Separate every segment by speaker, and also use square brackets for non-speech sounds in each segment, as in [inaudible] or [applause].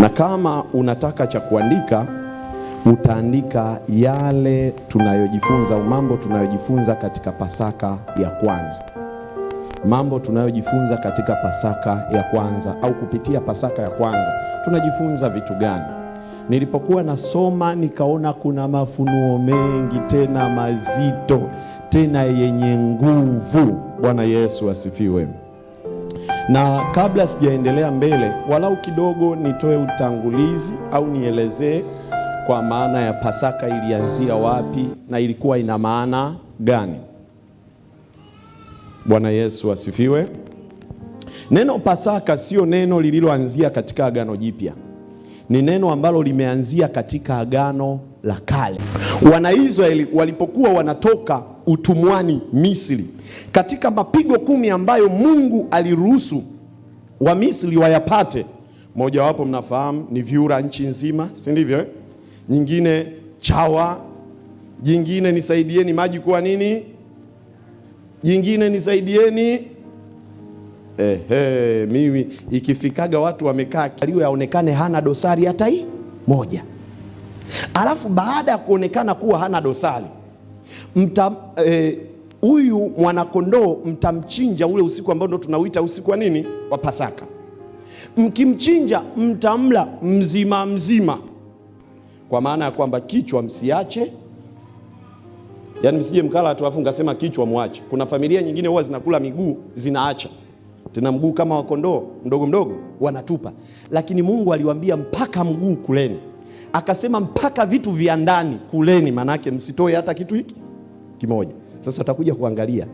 Speaker 1: na kama unataka cha kuandika utaandika yale tunayojifunza au mambo tunayojifunza katika Pasaka ya kwanza, mambo tunayojifunza katika Pasaka ya kwanza au kupitia Pasaka ya kwanza tunajifunza vitu gani? Nilipokuwa nasoma nikaona kuna mafunuo mengi tena mazito tena yenye nguvu. Bwana Yesu asifiwe. Na kabla sijaendelea mbele, walau kidogo nitoe utangulizi au nielezee kwa maana ya Pasaka ilianzia wapi na ilikuwa ina maana gani. Bwana Yesu asifiwe. Neno Pasaka sio neno lililoanzia katika Agano Jipya. Ni neno ambalo limeanzia katika Agano la kale. Wanaisraeli walipokuwa wanatoka utumwani Misri, katika mapigo kumi ambayo Mungu aliruhusu wa misri wayapate, mojawapo mnafahamu ni vyura nchi nzima, si ndivyo eh? Nyingine chawa, jingine nisaidieni maji kuwa nini, jingine nisaidieni eh, eh, mimi ikifikaga watu wamekaa kaliwe aonekane hana dosari hata hii moja. Alafu baada ya kuonekana kuwa hana dosari, eh, huyu e, mwanakondoo mtamchinja ule usiku ambao ndo tunauita usiku wa nini, wa Pasaka. Mkimchinja mtamla mzima mzima, kwa maana ya kwamba kichwa msiache, yaani msije mkala watu afu mkasema kichwa mwache. Kuna familia nyingine huwa zinakula miguu zinaacha tena mguu kama wakondoo mdogo mdogo wanatupa, lakini Mungu aliwaambia mpaka mguu kuleni. Akasema mpaka vitu vya ndani kuleni, manake msitoe hata kitu hiki kimoja. Sasa utakuja kuangalia,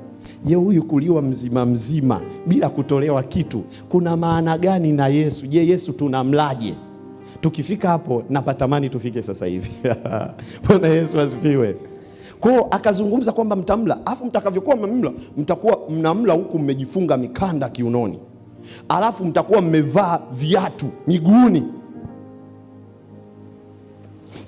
Speaker 1: je, huyu kuliwa mzima mzima bila kutolewa kitu kuna maana gani? Na Yesu, je, Yesu tunamlaje? Tukifika hapo napatamani tufike sasa hivi. [laughs] Bwana Yesu asifiwe. Kwao akazungumza kwamba mtamla, afu mtakavyokuwa mmemla, mtakuwa mnamla huku mmejifunga mikanda kiunoni, alafu mtakuwa mmevaa viatu miguuni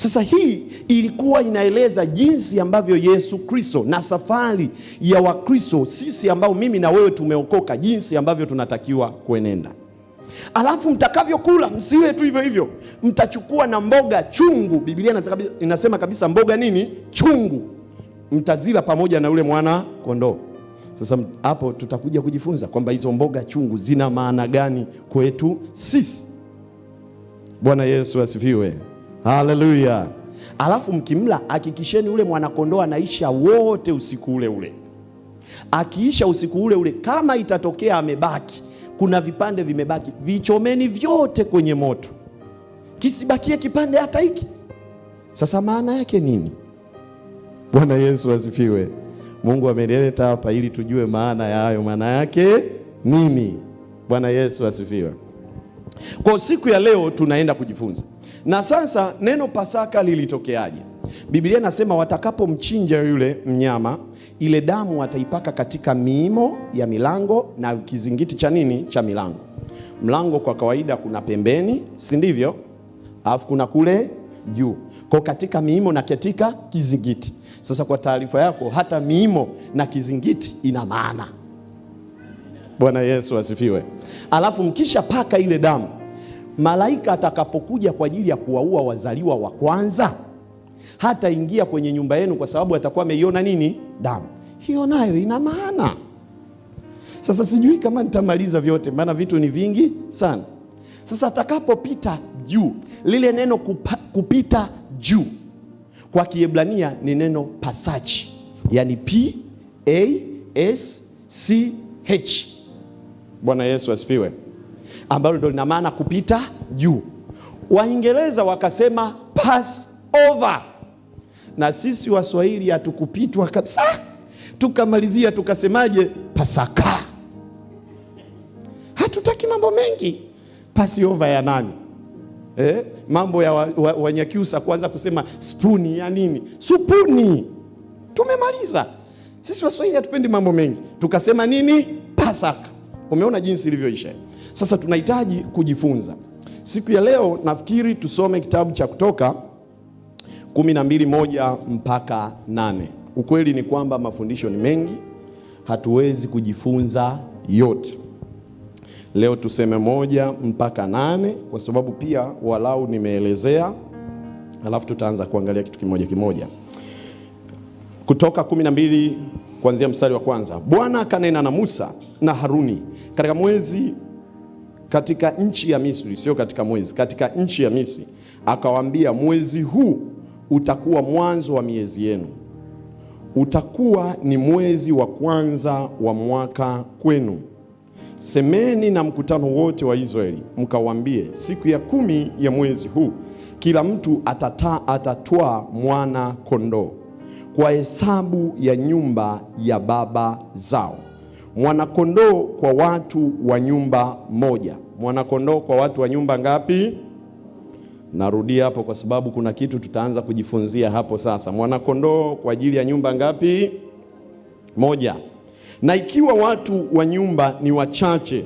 Speaker 1: sasa hii ilikuwa inaeleza jinsi ambavyo Yesu Kristo na safari ya Wakristo sisi ambao mimi na wewe tumeokoka, jinsi ambavyo tunatakiwa kuenenda. Alafu mtakavyokula msile tu hivyo hivyo, mtachukua na mboga chungu. Biblia inasema kabisa mboga nini? Chungu, mtazila pamoja na yule mwana kondoo. Sasa hapo tutakuja kujifunza kwamba hizo mboga chungu zina maana gani kwetu sisi. Bwana Yesu asifiwe. Haleluya! Alafu mkimla hakikisheni ule mwanakondoo anaisha wote usiku ule ule. Akiisha usiku ule ule, kama itatokea amebaki, kuna vipande vimebaki, vichomeni vyote kwenye moto, kisibakie kipande hata hiki. Sasa maana yake nini? Bwana Yesu asifiwe. Mungu ameleta hapa ili tujue maana ya hayo, maana yake nini? Bwana Yesu asifiwe. Kwa siku ya leo tunaenda kujifunza na sasa neno Pasaka lilitokeaje? Biblia inasema watakapomchinja yule mnyama, ile damu wataipaka katika miimo ya milango na kizingiti cha nini, cha milango. Mlango kwa kawaida kuna pembeni, si ndivyo? Alafu kuna kule juu, kwa katika miimo na katika kizingiti. Sasa kwa taarifa yako, hata miimo na kizingiti ina maana. Bwana Yesu asifiwe. Alafu mkisha paka ile damu malaika atakapokuja kwa ajili ya kuwaua wazaliwa wa kwanza hataingia kwenye nyumba yenu, kwa sababu atakuwa ameiona nini? Damu hiyo nayo ina maana. Sasa sijui kama nitamaliza vyote, maana vitu ni vingi sana. Sasa atakapopita juu, lile neno kupa, kupita juu kwa Kiebrania ni neno pasachi, yani P A S C H. Bwana Yesu asipiwe ambalo ndio lina maana kupita juu. Waingereza wakasema pass over, na sisi Waswahili hatukupitwa kabisa, tukamalizia tukasemaje? Pasaka. Hatutaki mambo mengi, pass over ya nani? Eh, mambo ya Wanyakyusa wa, wa kuanza kusema spuni ya nini, supuni. Tumemaliza sisi Waswahili, hatupendi mambo mengi, tukasema nini? Pasaka. Umeona jinsi ilivyoisha. Sasa tunahitaji kujifunza. Siku ya leo nafikiri tusome kitabu cha Kutoka 12:1 mpaka 8. Ukweli ni kwamba mafundisho ni mengi, hatuwezi kujifunza yote. Leo tuseme moja mpaka nane kwa sababu pia walau nimeelezea, alafu tutaanza kuangalia kitu kimoja kimoja. Kutoka 12 kuanzia mstari wa kwanza. Bwana akanena na Musa na Haruni katika mwezi katika nchi ya Misri, sio katika mwezi, katika nchi ya Misri, akawaambia mwezi huu utakuwa mwanzo wa miezi yenu, utakuwa ni mwezi wa kwanza wa mwaka kwenu. Semeni na mkutano wote wa Israeli mkawaambie, siku ya kumi ya mwezi huu kila mtu atata, atatwaa mwana kondoo kwa hesabu ya nyumba ya baba zao mwanakondoo kwa watu wa nyumba moja. Mwanakondoo kwa watu wa nyumba ngapi? Narudia hapo kwa sababu kuna kitu tutaanza kujifunzia hapo sasa. Mwanakondoo kwa ajili ya nyumba ngapi? Moja. Na ikiwa watu wa nyumba ni wachache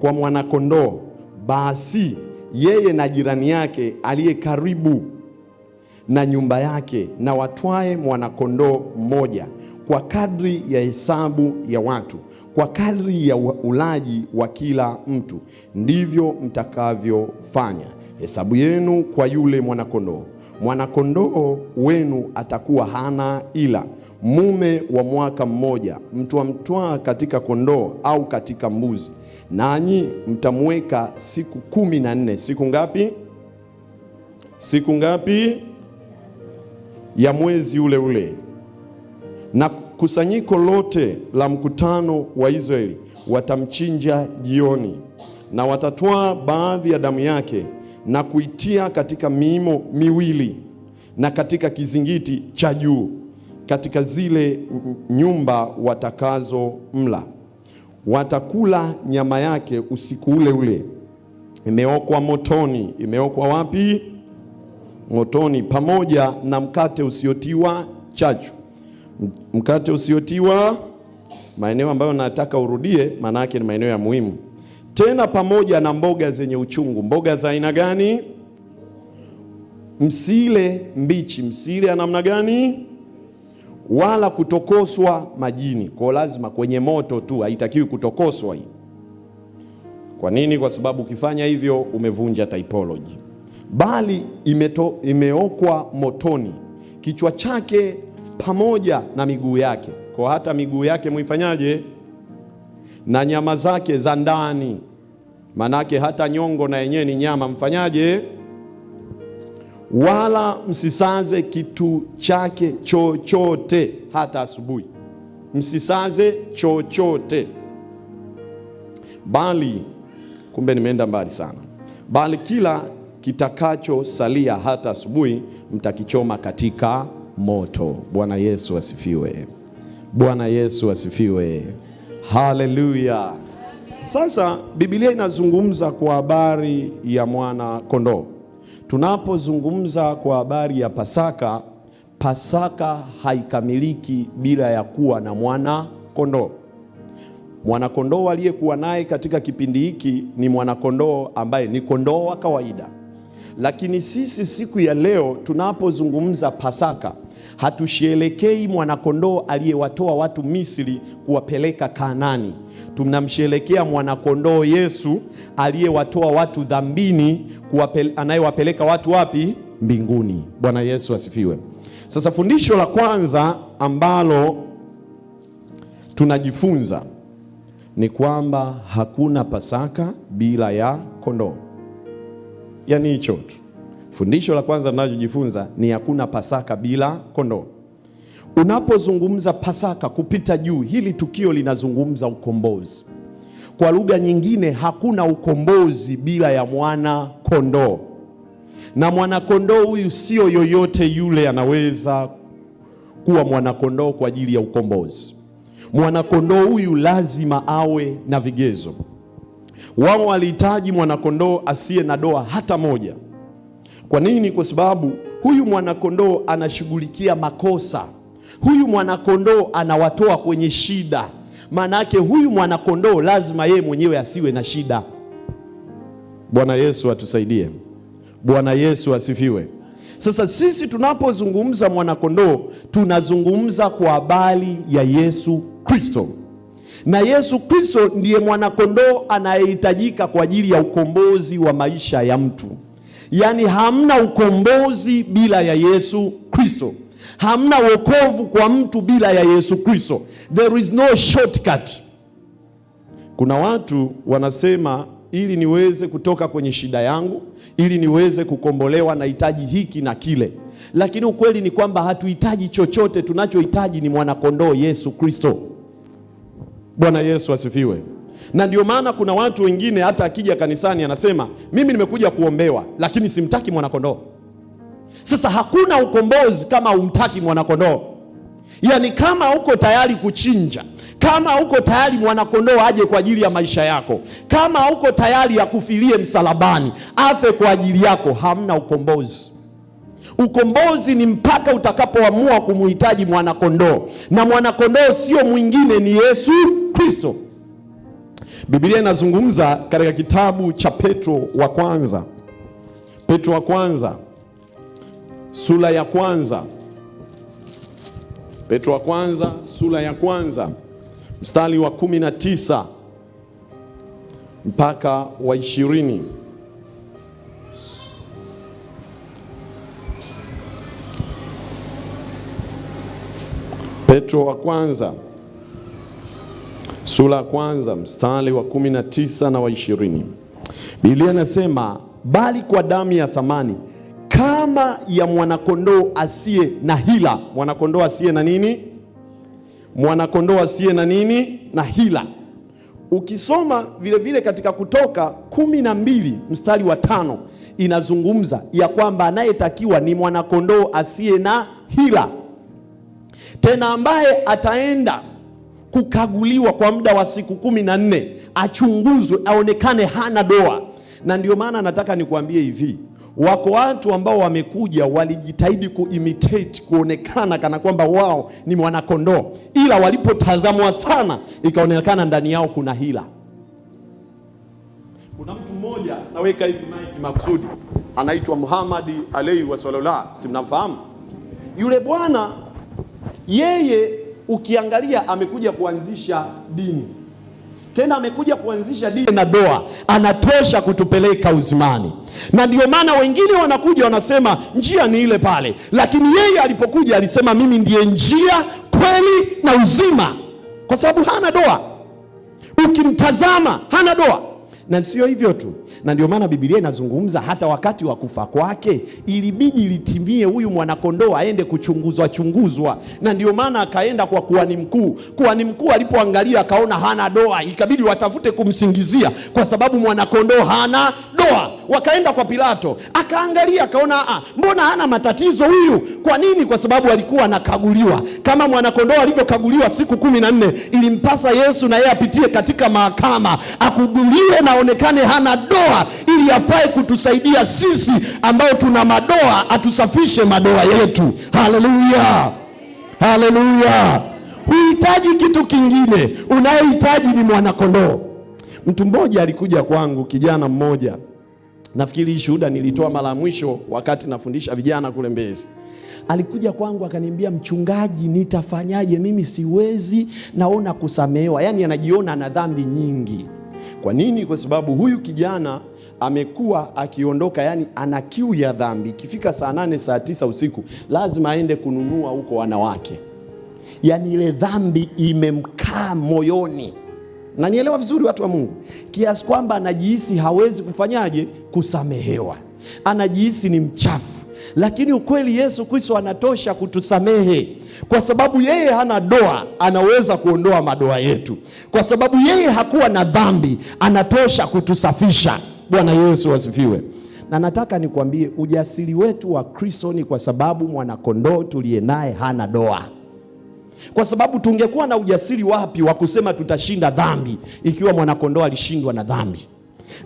Speaker 1: kwa mwanakondoo, basi yeye na jirani yake aliye karibu na nyumba yake na watwae mwanakondoo mmoja kwa kadri ya hesabu ya watu, kwa kadri ya ulaji wa kila mtu ndivyo mtakavyofanya hesabu yenu kwa yule mwanakondoo. Mwanakondoo wenu atakuwa hana ila, mume wa mwaka mmoja, mtwamtwaa katika kondoo au katika mbuzi, nanyi mtamweka siku kumi na nne. Siku ngapi? Siku ngapi ya mwezi ule ule na kusanyiko lote la mkutano wa Israeli watamchinja jioni, na watatwaa baadhi ya damu yake na kuitia katika miimo miwili na katika kizingiti cha juu katika zile nyumba watakazo mla. Watakula nyama yake usiku ule ule, imeokwa motoni. Imeokwa wapi? Motoni, pamoja na mkate usiotiwa chachu mkate usiotiwa. Maeneo ambayo nataka urudie, maana yake ni maeneo ya muhimu. Tena pamoja na mboga zenye uchungu. Mboga za aina gani? Msile mbichi, msile ya namna gani? Wala kutokoswa majini, kwa lazima kwenye moto tu, haitakiwi kutokoswa hii. Kwa nini? Kwa sababu ukifanya hivyo umevunja typology. Bali imeto, imeokwa motoni, kichwa chake pamoja na miguu yake, kwa hata miguu yake muifanyaje? Na nyama zake za ndani, manake hata nyongo na yenyewe ni nyama, mfanyaje? Wala msisaze kitu chake chochote hata asubuhi, msisaze chochote bali kumbe nimeenda mbali sana. Bali kila kitakachosalia hata asubuhi mtakichoma katika moto. Bwana Yesu asifiwe! Bwana Yesu asifiwe! Haleluya! Sasa Biblia inazungumza kwa habari ya mwana kondoo. Tunapozungumza kwa habari ya Pasaka, Pasaka haikamiliki bila ya kuwa na mwana kondoo. Mwanakondoo aliyekuwa naye katika kipindi hiki ni mwana kondoo ambaye ni kondoo wa kawaida. Lakini sisi siku ya leo tunapozungumza Pasaka, hatusherekei mwanakondoo aliyewatoa watu Misri kuwapeleka Kanaani. Tunamsherekea mwanakondoo Yesu aliyewatoa watu dhambini, anayewapeleka watu wapi? Mbinguni. Bwana Yesu asifiwe. Sasa fundisho la kwanza ambalo tunajifunza ni kwamba hakuna Pasaka bila ya kondoo yani hicho tu. Fundisho la kwanza linalojifunza ni hakuna Pasaka bila kondoo. Unapozungumza Pasaka kupita juu, hili tukio linazungumza ukombozi. Kwa lugha nyingine, hakuna ukombozi bila ya mwana kondoo, na mwanakondoo huyu sio yoyote yule, anaweza kuwa mwanakondoo kwa ajili ya ukombozi. Mwanakondoo huyu lazima awe na vigezo. Wao walihitaji mwanakondoo asiye na doa hata moja. Kwa nini? Kwa sababu huyu mwanakondoo anashughulikia makosa, huyu mwanakondoo anawatoa kwenye shida. Maana yake huyu mwanakondoo lazima yeye mwenyewe asiwe na shida. Bwana Yesu atusaidie. Bwana Yesu asifiwe. Sasa sisi tunapozungumza mwanakondoo, tunazungumza kwa habari ya Yesu Kristo na Yesu Kristo ndiye mwanakondoo anayehitajika kwa ajili ya ukombozi wa maisha ya mtu. Yaani hamna ukombozi bila ya Yesu Kristo, hamna wokovu kwa mtu bila ya Yesu Kristo. There is no shortcut. Kuna watu wanasema ili niweze kutoka kwenye shida yangu, ili niweze kukombolewa, nahitaji hiki na kile, lakini ukweli ni kwamba hatuhitaji chochote. Tunachohitaji ni mwanakondoo Yesu Kristo. Bwana Yesu asifiwe. Na ndio maana kuna watu wengine hata akija kanisani anasema mimi nimekuja kuombewa, lakini simtaki mwanakondoo. Sasa hakuna ukombozi kama umtaki mwanakondoo. Yaani kama uko tayari kuchinja, kama uko tayari mwanakondoo aje kwa ajili ya maisha yako, kama uko tayari akufilie msalabani, afe kwa ajili yako, hamna ukombozi. Ukombozi ni mpaka utakapoamua kumuhitaji mwanakondoo, na mwanakondoo sio mwingine, ni Yesu Kristo. Biblia inazungumza katika kitabu cha Petro wa kwanza, Petro wa kwanza sura ya kwanza, Petro wa kwanza sura ya kwanza mstari wa 19 mpaka wa ishirini. Petro wa kwanza sura ya kwanza mstari wa 19 na na wa ishirini Biblia inasema bali kwa damu ya thamani kama ya mwanakondoo asiye na hila. Mwanakondoo asiye na nini? Mwanakondoo asiye na nini? Na hila. Ukisoma vilevile vile katika Kutoka kumi na mbili mstari wa tano inazungumza ya kwamba anayetakiwa ni mwanakondoo asiye na hila tena ambaye ataenda kukaguliwa kwa muda wa siku kumi na nne achunguzwe, aonekane hana doa. Na ndio maana nataka nikuambie hivi, wako watu ambao wamekuja walijitahidi kuimitate kuonekana kana kwamba wao ni mwanakondoo, ila walipotazamwa sana ikaonekana ndani yao kuna hila. Kuna mtu mmoja naweka hivi maiki makusudi, anaitwa Muhamadi alaihi wasalala, simnamfahamu yule bwana yeye ukiangalia amekuja kuanzisha dini, tena amekuja kuanzisha dini na doa, anatosha kutupeleka uzimani. Na ndio maana wengine wanakuja wanasema njia ni ile pale, lakini yeye alipokuja alisema mimi ndiye njia, kweli na uzima, kwa sababu hana doa. Ukimtazama hana doa, na sio hivyo tu na ndio maana Biblia inazungumza hata wakati wa kufa kwake ilibidi litimie huyu mwanakondoo aende kuchunguzwa chunguzwa, na ndio maana akaenda kwa kuhani mkuu. Kuhani mkuu alipoangalia akaona hana doa, ikabidi watafute kumsingizia, kwa sababu mwanakondoo hana doa. Wakaenda kwa Pilato, akaangalia akaona, ah, mbona hana matatizo huyu? Kwa nini? Kwa sababu alikuwa anakaguliwa kama mwanakondoo alivyokaguliwa siku kumi na nne. Ilimpasa Yesu na yeye apitie katika mahakama, akuguliwe na aonekane hana doa madoa ili afae kutusaidia sisi ambao tuna madoa, atusafishe madoa yetu. Haleluya, haleluya. Huhitaji kitu kingine, unayehitaji ni mwanakondoo. Mtu mmoja alikuja kwangu, kijana mmoja, nafikiri hii shuhuda nilitoa mara ya mwisho wakati nafundisha vijana kule Mbezi alikuja kwangu akaniambia, mchungaji, nitafanyaje? Mimi siwezi, naona kusamehewa. Yaani anajiona ana dhambi nyingi. Kwa nini? Kwa sababu huyu kijana amekuwa akiondoka, yani ana kiu ya dhambi. Ikifika saa nane saa tisa usiku lazima aende kununua huko wanawake, yani ile dhambi imemkaa moyoni. Na nielewa vizuri, watu wa Mungu, kiasi kwamba anajihisi hawezi kufanyaje? Kusamehewa, anajihisi ni mchafu lakini ukweli Yesu Kristo anatosha kutusamehe, kwa sababu yeye hana doa, anaweza kuondoa madoa yetu. Kwa sababu yeye hakuwa na dhambi, anatosha kutusafisha. Bwana Yesu asifiwe. Na nataka nikwambie ujasiri wetu wa Kristo ni kwa sababu mwanakondoo tuliye naye hana doa. Kwa sababu tungekuwa na ujasiri wapi wa kusema tutashinda dhambi ikiwa mwanakondoo alishindwa na dhambi?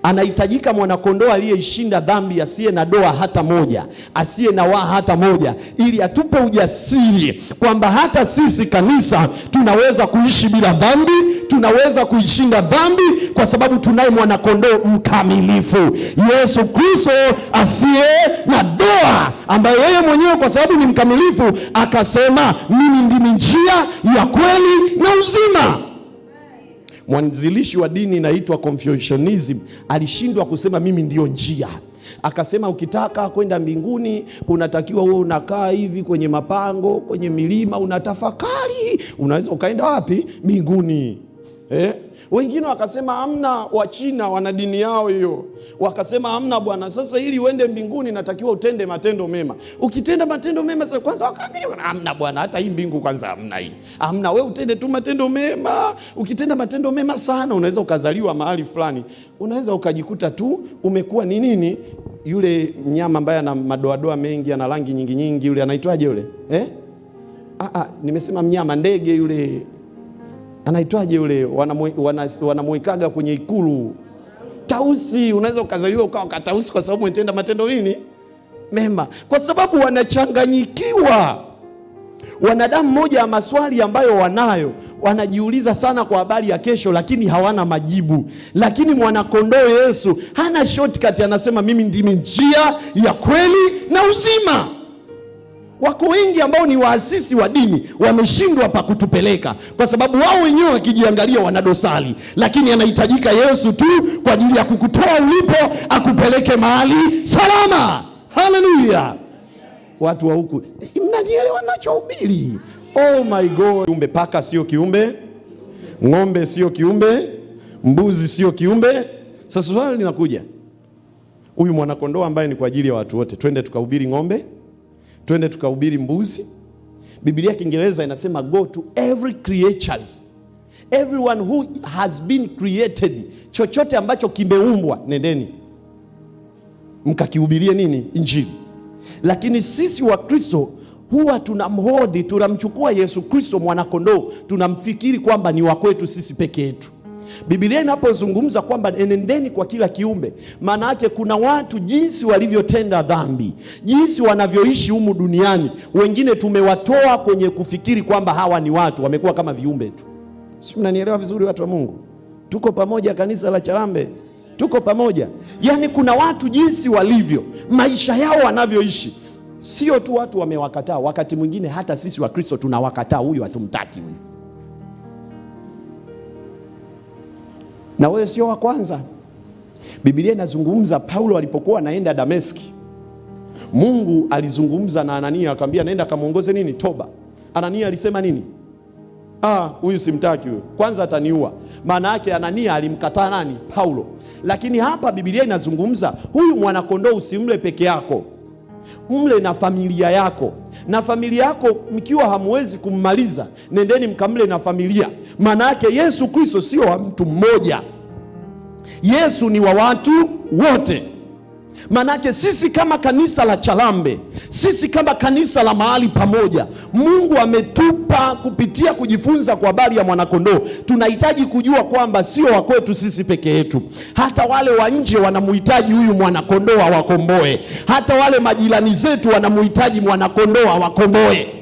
Speaker 1: Anahitajika mwanakondoo aliyeishinda dhambi, asiye na doa hata moja, asiye na waa hata moja, ili atupe ujasiri kwamba hata sisi kanisa tunaweza kuishi bila dhambi, tunaweza kuishinda dhambi kwa sababu tunaye mwanakondoo mkamilifu, Yesu Kristo asiye na doa, ambaye yeye mwenyewe kwa sababu ni mkamilifu akasema, mimi ndimi njia ya kweli na uzima mwanzilishi wa dini inaitwa Confucianism alishindwa kusema mimi ndiyo njia akasema ukitaka kwenda mbinguni unatakiwa uwe unakaa hivi kwenye mapango, kwenye milima, unatafakari. Unaweza ukaenda wapi? Mbinguni eh? Wengine wakasema hamna, Wachina wana dini yao hiyo, wakasema hamna bwana, sasa ili uende mbinguni natakiwa utende matendo mema. Ukitenda matendo mema sasa, kwanza wakaangalia, amna bwana, hata hii mbingu kwanza hamna, hii amna, we utende tu matendo mema. Ukitenda matendo mema sana, unaweza ukazaliwa mahali fulani, unaweza ukajikuta tu umekuwa ni nini, yule mnyama ambaye ana madoadoa mengi, ana rangi nyingi nyingi, yule anaitwaje yule eh? Ah, ah, nimesema mnyama, ndege yule anaitwaje yule wanamuikaga kwenye ikulu tausi. Unaweza ukazaliwa ukawa katausi kwa sababu umetenda matendo nini mema, kwa sababu wanachanganyikiwa wanadamu. Moja ya maswali ambayo wanayo, wanajiuliza sana kwa habari ya kesho, lakini hawana majibu. Lakini mwanakondoo Yesu hana shortcut, anasema mimi ndimi njia ya kweli na uzima. Wako wengi ambao ni waasisi wa dini wameshindwa pa kutupeleka, kwa sababu wao wenyewe wakijiangalia wana dosari lakini anahitajika Yesu tu kwa ajili ya kukutoa ulipo akupeleke mahali salama. Haleluya! Watu wa huku eh, mnanielewa nachohubiri? Oh my God! Kiumbe paka sio kiumbe, ng'ombe sio kiumbe, mbuzi sio kiumbe. Sasa swali linakuja, huyu mwanakondoo ambaye ni kwa ajili ya watu wote, twende tukahubiri ng'ombe twende tukahubiri mbuzi. Biblia Kiingereza inasema go to every creatures everyone who has been created, chochote ambacho kimeumbwa, nendeni mkakihubirie nini? Injili. Lakini sisi wa Kristo huwa tunamhodhi, tunamchukua Yesu Kristo mwanakondoo, tunamfikiri kwamba ni wa kwetu sisi peke yetu. Biblia inapozungumza kwamba enendeni kwa kila kiumbe, maana yake kuna watu jinsi walivyotenda dhambi, jinsi wanavyoishi humu duniani, wengine tumewatoa kwenye kufikiri kwamba hawa ni watu, wamekuwa kama viumbe tu. Si mnanielewa vizuri, watu wa Mungu? Tuko pamoja, kanisa la Charambe, tuko pamoja. Yaani kuna watu jinsi walivyo, maisha yao wanavyoishi, sio tu watu wamewakataa, wakati mwingine hata sisi Wakristo tunawakataa, huyu hatumtaki huyu na wewe sio wa kwanza. Biblia inazungumza Paulo alipokuwa anaenda Dameski, Mungu alizungumza na Anania akamwambia naenda kamwongoze nini toba. Anania alisema nini? Ah, huyu simtaki huyu, kwanza ataniua. Maana yake Anania alimkataa nani? Paulo. Lakini hapa Biblia inazungumza huyu mwanakondoo usimle peke yako mle na familia yako na familia yako mkiwa hamwezi kummaliza, nendeni mkamle na familia. Maana yake Yesu Kristo sio wa mtu mmoja, Yesu ni wa watu wote. Manake sisi kama kanisa la Chalambe, sisi kama kanisa la mahali pamoja, Mungu ametupa kupitia kujifunza kwa habari ya mwanakondoo. Tunahitaji kujua kwamba sio wa kwetu sisi peke yetu, hata wale wa nje wanamhitaji huyu mwanakondoo awakomboe, hata wale majirani zetu wanamhitaji mwanakondoo awakomboe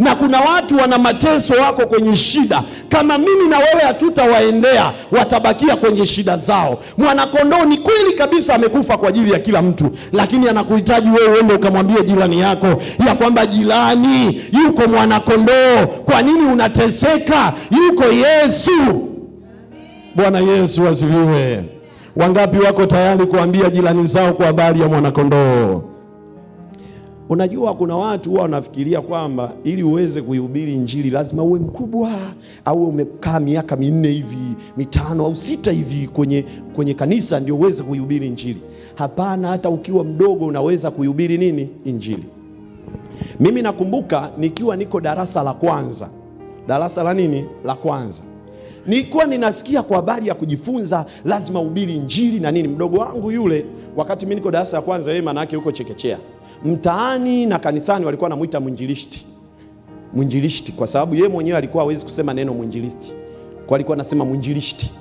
Speaker 1: na kuna watu wana mateso, wako kwenye shida. Kama mimi na wewe hatutawaendea, watabakia kwenye shida zao. Mwanakondoo ni kweli kabisa amekufa kwa ajili ya kila mtu, lakini anakuhitaji wewe uende ukamwambie jirani yako ya kwamba jirani, yuko mwanakondoo. Kwa nini unateseka? Yuko Yesu. Bwana Yesu asifiwe. Wangapi wako tayari kuambia jirani zao kwa habari ya mwanakondoo? Unajua, kuna watu huwa wanafikiria kwamba ili uweze kuihubiri injili lazima uwe mkubwa au umekaa miaka minne hivi mitano au sita hivi kwenye, kwenye kanisa ndio uweze kuihubiri injili. Hapana, hata ukiwa mdogo unaweza kuihubiri nini injili. Mimi nakumbuka nikiwa niko darasa la kwanza, darasa la nini la kwanza nilikuwa ninasikia kwa habari ya kujifunza lazima uhubiri injili na nini. Mdogo wangu yule, wakati mimi niko darasa ya kwanza, yeye maana yake yuko chekechea mtaani na kanisani walikuwa wanamuita mwinjilisti, mwinjilisti, kwa sababu yeye mwenyewe alikuwa hawezi kusema neno mwinjilisti, kwa alikuwa anasema mwinjilisti.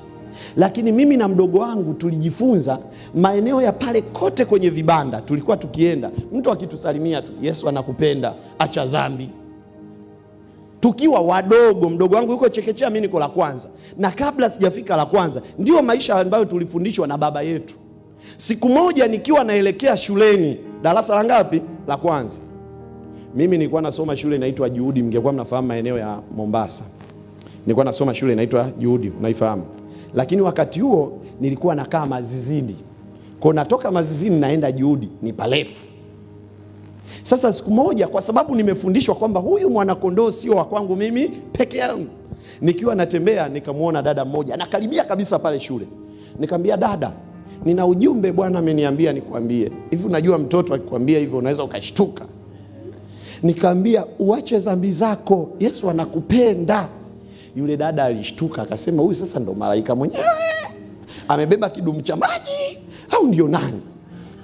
Speaker 1: Lakini mimi na mdogo wangu tulijifunza maeneo ya pale kote, kwenye vibanda tulikuwa tukienda, mtu akitusalimia tu, Yesu anakupenda, acha dhambi tukiwa wadogo, mdogo wangu yuko chekechea, mimi niko la kwanza, na kabla sijafika la kwanza, ndio maisha ambayo tulifundishwa na baba yetu. Siku moja nikiwa naelekea shuleni, darasa la ngapi? La kwanza. Mimi nilikuwa nasoma shule inaitwa Juhudi, mngekuwa mnafahamu maeneo ya Mombasa. Nilikuwa nasoma shule inaitwa Juhudi, unaifahamu. Lakini wakati huo nilikuwa nakaa Mazizini, kwa natoka Mazizini naenda Juhudi, ni palefu. Sasa siku moja, kwa sababu nimefundishwa kwamba huyu mwanakondoo sio wa kwangu mimi peke yangu, nikiwa natembea nikamwona dada mmoja anakaribia kabisa pale shule, nikamwambia dada nina ujumbe Bwana ameniambia nikuambie hivi. Unajua mtoto akikwambia hivyo unaweza ukashtuka. Nikaambia uache dhambi zako, Yesu anakupenda. Yule dada alishtuka, akasema huyu sasa ndo malaika mwenyewe amebeba kidumu cha maji au ndio nani?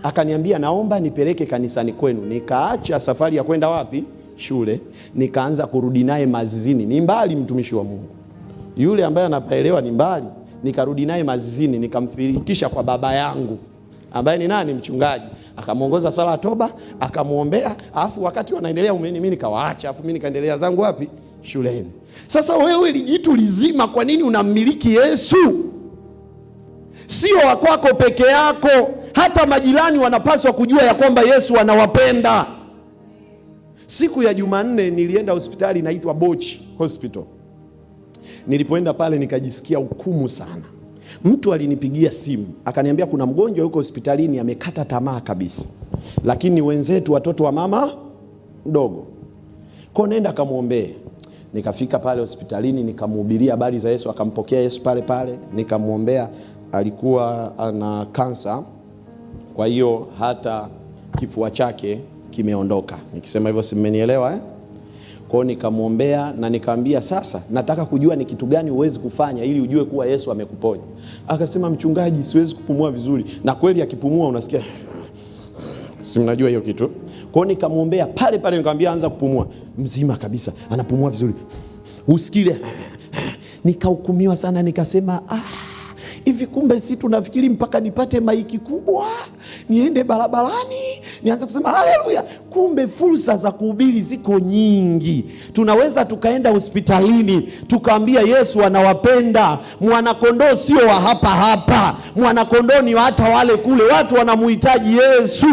Speaker 1: Akaniambia naomba nipeleke kanisani kwenu. Nikaacha safari ya kwenda wapi, shule, nikaanza kurudi naye mazizini. Ni mbali, mtumishi wa Mungu yule ambaye anapaelewa ni mbali nikarudi naye mazizini, nikamfirikisha kwa baba yangu ambaye ni nani? Mchungaji. Akamwongoza sala ya toba, akamwombea, alafu wakati wanaendelea mimi nikawaacha, alafu mimi nikaendelea zangu wapi? Shuleni. Sasa wewe lijitu lizima, kwa nini unammiliki Yesu? Sio wakwako peke yako, hata majirani wanapaswa kujua ya kwamba Yesu anawapenda. Siku ya Jumanne nilienda hospitali inaitwa Bochi Hospital Nilipoenda pale nikajisikia hukumu sana. Mtu alinipigia simu akaniambia kuna mgonjwa yuko hospitalini amekata tamaa kabisa, lakini wenzetu watoto wa mama mdogo ko nenda kamwombee. Nikafika pale hospitalini nikamhubiria habari za Yesu, akampokea Yesu pale pale, nikamwombea. Alikuwa ana kansa, kwa hiyo hata kifua chake kimeondoka. Nikisema hivyo, simmenielewa eh? Kwa hiyo nikamwombea na nikaambia, sasa nataka kujua ni kitu gani uwezi kufanya ili ujue kuwa Yesu amekuponya. Akasema, mchungaji, siwezi kupumua vizuri. Na kweli akipumua unasikia [laughs] si mnajua hiyo kitu. Kwa hiyo nikamwombea pale pale, nikamwambia anza kupumua, mzima kabisa, anapumua vizuri, usikile. [laughs] Nikahukumiwa sana, nikasema ah, hivi kumbe si tunafikiri mpaka nipate maiki kubwa niende barabarani nianze kusema haleluya. Kumbe fursa za kuhubiri ziko nyingi. Tunaweza tukaenda hospitalini tukaambia Yesu anawapenda, mwanakondoo sio wa hapa hapa, mwanakondoo ni hata wale kule. Watu wanamuhitaji Yesu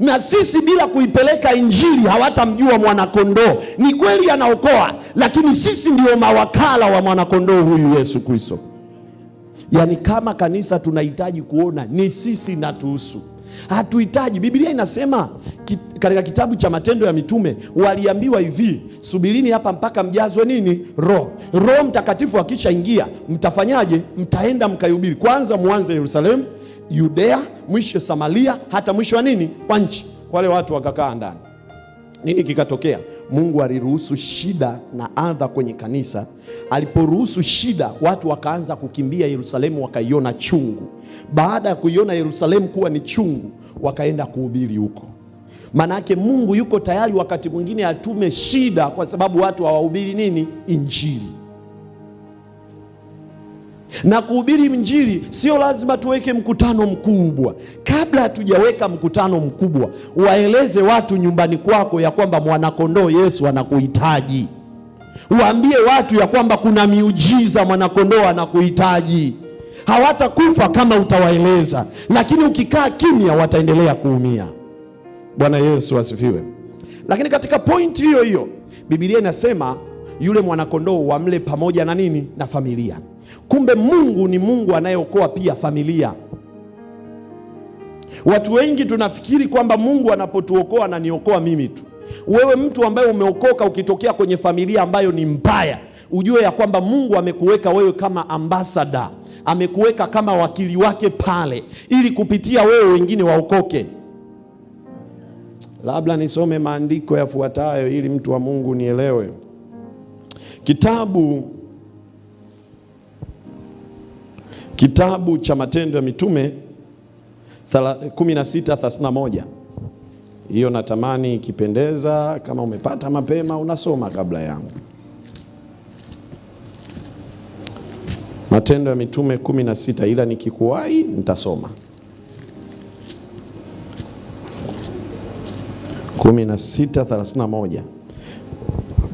Speaker 1: na sisi bila kuipeleka Injili hawatamjua mwanakondoo. Ni kweli anaokoa, lakini sisi ndio mawakala wa mwanakondoo huyu Yesu Kristo. Yaani, kama kanisa tunahitaji kuona ni sisi na tuhusu Hatuhitaji. Biblia inasema katika kitabu cha Matendo ya Mitume waliambiwa hivi, subirini hapa mpaka mjazwe nini? Roho. Roho Mtakatifu akishaingia mtafanyaje? Mtaenda mkaihubiri, kwanza mwanze Yerusalemu, Yudea, mwisho Samaria, hata mwisho wa nini, kwa nchi. Wale watu wakakaa ndani nini kikatokea? Mungu aliruhusu shida na adha kwenye kanisa. Aliporuhusu shida, watu wakaanza kukimbia Yerusalemu, wakaiona chungu. Baada ya kuiona Yerusalemu kuwa ni chungu, wakaenda kuhubiri huko. Maanake Mungu yuko tayari wakati mwingine atume shida, kwa sababu watu hawahubiri nini? Injili na kuhubiri mjili sio lazima tuweke mkutano mkubwa. Kabla hatujaweka mkutano mkubwa, waeleze watu nyumbani kwako ya kwamba mwanakondoo Yesu anakuhitaji. Waambie watu ya kwamba kuna miujiza, mwanakondoo anakuhitaji. Hawatakufa kama utawaeleza, lakini ukikaa kimya wataendelea kuumia. Bwana Yesu asifiwe. Lakini katika pointi hiyo hiyo Biblia inasema yule mwanakondoo wamle pamoja na nini na familia. Kumbe Mungu ni Mungu anayeokoa pia familia. Watu wengi tunafikiri kwamba Mungu anapotuokoa ananiokoa mimi tu. Wewe mtu ambaye umeokoka, ukitokea kwenye familia ambayo ni mbaya, ujue ya kwamba Mungu amekuweka wewe kama ambasada, amekuweka kama wakili wake pale, ili kupitia wewe wengine waokoke. Labda nisome maandiko yafuatayo ili mtu wa Mungu nielewe. Kitabu kitabu cha Matendo ya Mitume 16:31 hiyo natamani ikipendeza, kama umepata mapema unasoma kabla yangu. Matendo ya Mitume 16, ila nikikuwahi nitasoma 16:31.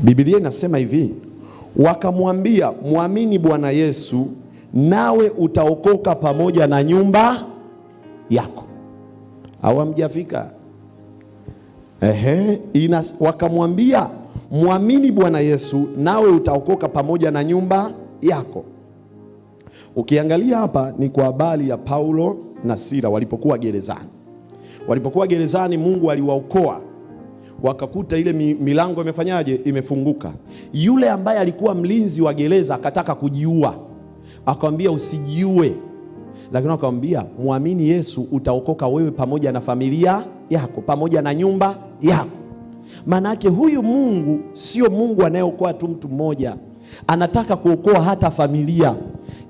Speaker 1: Biblia inasema hivi wakamwambia, mwamini Bwana Yesu nawe utaokoka pamoja na nyumba yako. Hawamjafika. Ehe, wakamwambia mwamini Bwana Yesu nawe utaokoka pamoja na nyumba yako. Ukiangalia hapa ni kwa habari ya Paulo na Sila walipokuwa gerezani. Walipokuwa gerezani, Mungu aliwaokoa wakakuta ile milango imefanyaje, imefunguka. Yule ambaye alikuwa mlinzi wa gereza akataka kujiua, akamwambia usijiue, lakini akamwambia mwamini Yesu, utaokoka wewe pamoja na familia yako pamoja na nyumba yako. maana yake huyu Mungu sio Mungu anayeokoa tu mtu mmoja, anataka kuokoa hata familia.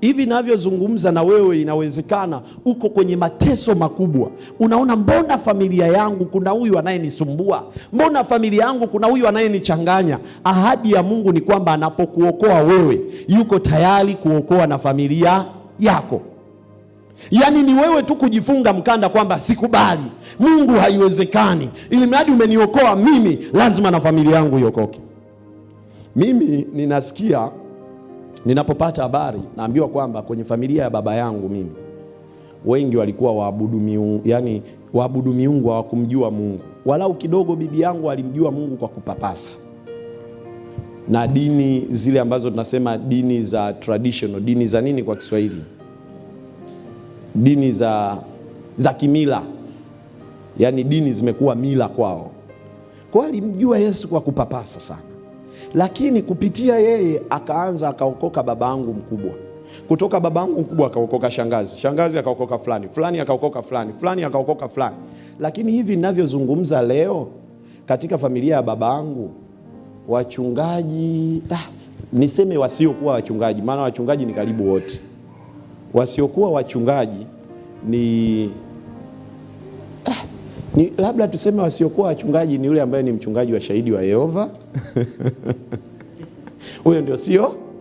Speaker 1: Hivi navyozungumza na wewe, inawezekana uko kwenye mateso makubwa, unaona, mbona familia yangu kuna huyu anayenisumbua? Mbona familia yangu kuna huyu anayenichanganya? Ahadi ya Mungu ni kwamba anapokuokoa wewe, yuko tayari kuokoa na familia yako. Yaani ni wewe tu kujifunga mkanda kwamba sikubali, Mungu, haiwezekani, ili mradi umeniokoa mimi, lazima na familia yangu iokoke. Mimi ninasikia Ninapopata habari naambiwa kwamba kwenye familia ya baba yangu mimi wengi walikuwa waabudu miungu, yani waabudu miungu hawakumjua Mungu. Walau kidogo bibi yangu alimjua Mungu kwa kupapasa na dini zile ambazo tunasema dini za traditional, dini za nini kwa Kiswahili, dini za, za kimila, yani dini zimekuwa mila kwao, kwa alimjua Yesu kwa kupapasa sana lakini kupitia yeye akaanza akaokoka baba angu mkubwa kutoka baba angu mkubwa akaokoka shangazi, shangazi akaokoka fulani fulani, akaokoka fulani fulani, akaokoka fulani. Lakini hivi ninavyozungumza leo, katika familia ya baba angu wachungaji ah, niseme wasiokuwa wachungaji, maana wachungaji ni karibu wote. Wasiokuwa wachungaji ni ni labda tuseme wasiokuwa wachungaji ni yule ambaye ni mchungaji wa Shahidi wa Yehova [laughs] huyo ndio sio